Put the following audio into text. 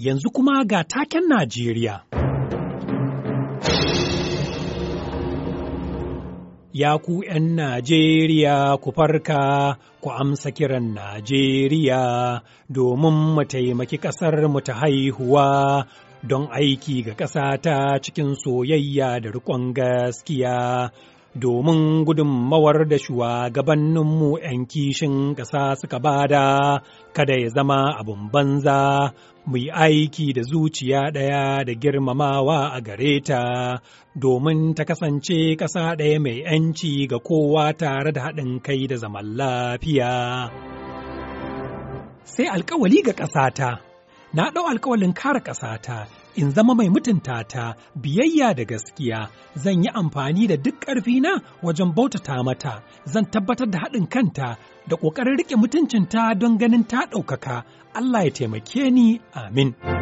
yanzu kuma ga taken Najeriya. Ya ku ’yan Najeriya ku farka ku amsa kiran Najeriya domin mu taimaki ƙasar mu ta haihuwa don aiki ga ƙasata cikin soyayya da riƙon gaskiya domin gudunmawar da shugabanninmu 'yan kishin ƙasa suka bada kada ya zama abin banza mu aiki da zuciya ɗaya da girmamawa a gare ta domin ta kasance ƙasa ɗaya mai 'yanci ga kowa tare da haɗin kai da zaman lafiya. Sai alkawali ga ƙasata. na ɗau alkawalin kare ƙasata in zama mai mutunta ta biyayya da gaskiya zan yi amfani da duk ƙarfina wajen bautata mata zan tabbatar da haɗin kanta da ƙoƙarin riƙe mutuncinta don ganin ta ɗaukaka Allah ya taimake ni amin.